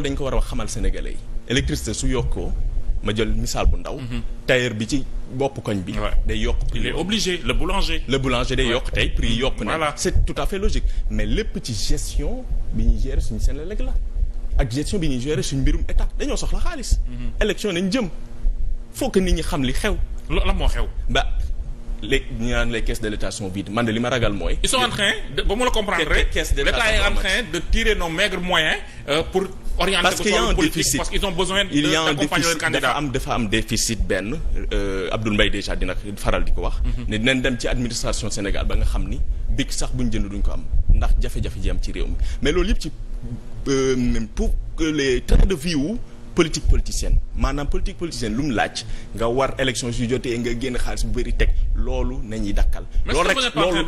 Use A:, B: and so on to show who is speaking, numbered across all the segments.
A: loolu dañ ko war a wax xamal sénégalais yi électricité su yokkoo ma jël bu ndaw mhm. tailleur bi ci bopp koñ bi day yokk prix il est obligé le le boulanger day yokk tey prix yokk na c'est tout à fait lépp ci gestion bi ñuy gérer suñu Senelec la ak gestion bi ñuy gérer suñu mbirum état dañoo soxla xaalis mhm. élection nañ jëm faut que nit ñi xam li xew la moo xew ba les ñu naan les caisses de l'état sont vides man de li ma ragal mooy. ils sont en
B: train de ba mu la comprendre rek. caisse de l'état est en train de tirer nos maigres moyens euh, orienté parce qu'il y a un déficit parce qu'ils ont besoin d'accompagner leur candidat dafa
A: am dafa am déficit benn euh, Abdoul Mbaye déjà dina faral di ko wax mhm. ne dinañ dem ci administration Sénégal ba nga xam ni big sax buñ jënd duñ ko am ndax jafe-jafe ji am ci réew mi mais loolu yëpp ci euh, pour les trains de vie politique politicienne maanaam politique politicienne lu mu laaj nga war élection su nga génn xaalis bu bëri teg loolu nañuy dakkal. loolu rek loolu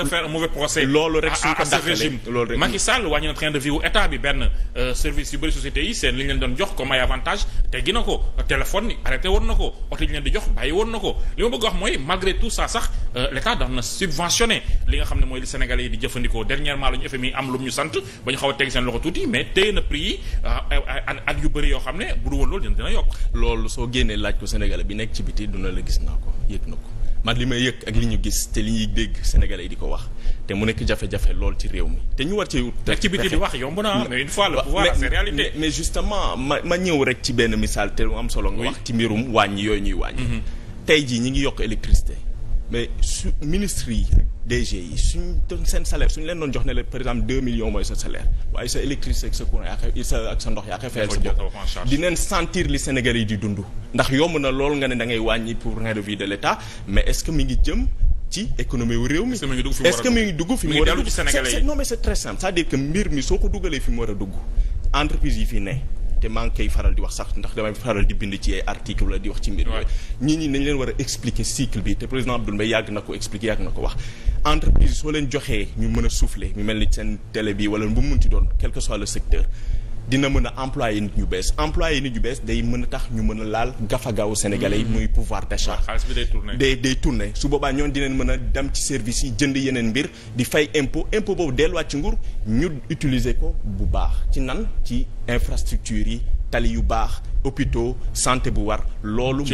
A: ko dakkalee loolu rek Macky
B: Sall na train de vie wu état bi benn euh, service yu bëri société yi seen li ñu leen doon jox comme ay avantage teggi na ko téléphone arrêté woon na ko oto yi ñu leen di jox bàyyi woon na ko li ma bëgg wax mooy malgré tout ça sax. Euh, l'état daf na subventionné li nga xam ne mooy li Sénégalais yi di jëfandikoo dernièrement la ñu FMI am lu ñu sant ba ñu xaw a teg seen loxo tuuti mais téye na prix yi euh,
A: at yu bëri yoo xam ne bu du woon loolu dina yokk. loolu soo génnee laaj ko Sénégalais bi nekk ci biti na la gis naa ko yëg na ko man li may yëkk ak li ñu gis te li ñuy dégg Sénégalais yi di ko wax te mu nekk jafe-jafe lool ci réew mi te ñu war ci wut. ci biti di na mais une fois le pouvoir c'est réalité. ma ma ñëw rek ci benn misaal te am solo nga wax ci mbirum wàññi yooyu ñuy wàññi mhm. tey jii ñi ngi yokk électricité mais su ministre yi DG yi suñ seen salaire suñ leen doon jox ne la par exemple deux millions mooy sa salaire waaye sa électricité ak sa courant yaa sa ak sa ndox yaa koy sentir li Sénégalais yi di dund ndax yomb na lool nga ne da ngay wàññi pour rein de vie de mais est-ce ngi jëm ci économie wu réew mi est-ce que mi ngi dugg fi mu war a dugg non mais c'est très simple c'est-à-dire que mbir mi soo ko dugalee fi mu war a dugg entreprise yi fi ne te maa ngi koy faral di wax sax ndax damay faral di bind ci ay article la di wax ci mbir yooyu ñi nañ leen war a expliquer cycle bi te président Abdoul Mbaye yàgg na ko expliquer yàgg na ko wax entreprise soo leen joxee ñu mën a souffler ñu mel ni seen télé bi wala bu mu ti doon quel que soit le secteur dina mën a employé nit ñu bees employé nit ñu bees day mën a tax ñu mën a laal gafagaawu sénégalais yi muy pouvoir d'achat ah, day day tourné su boobaa ñoon dinañ mën a dem ci service yi jënd yeneen mbir di fay impôt impôt boobu delluwaat ci nguur ñu utiliser ko bu baax ci nan ci infrastructure yi tali yu baax hôpitaux santé bu war loolu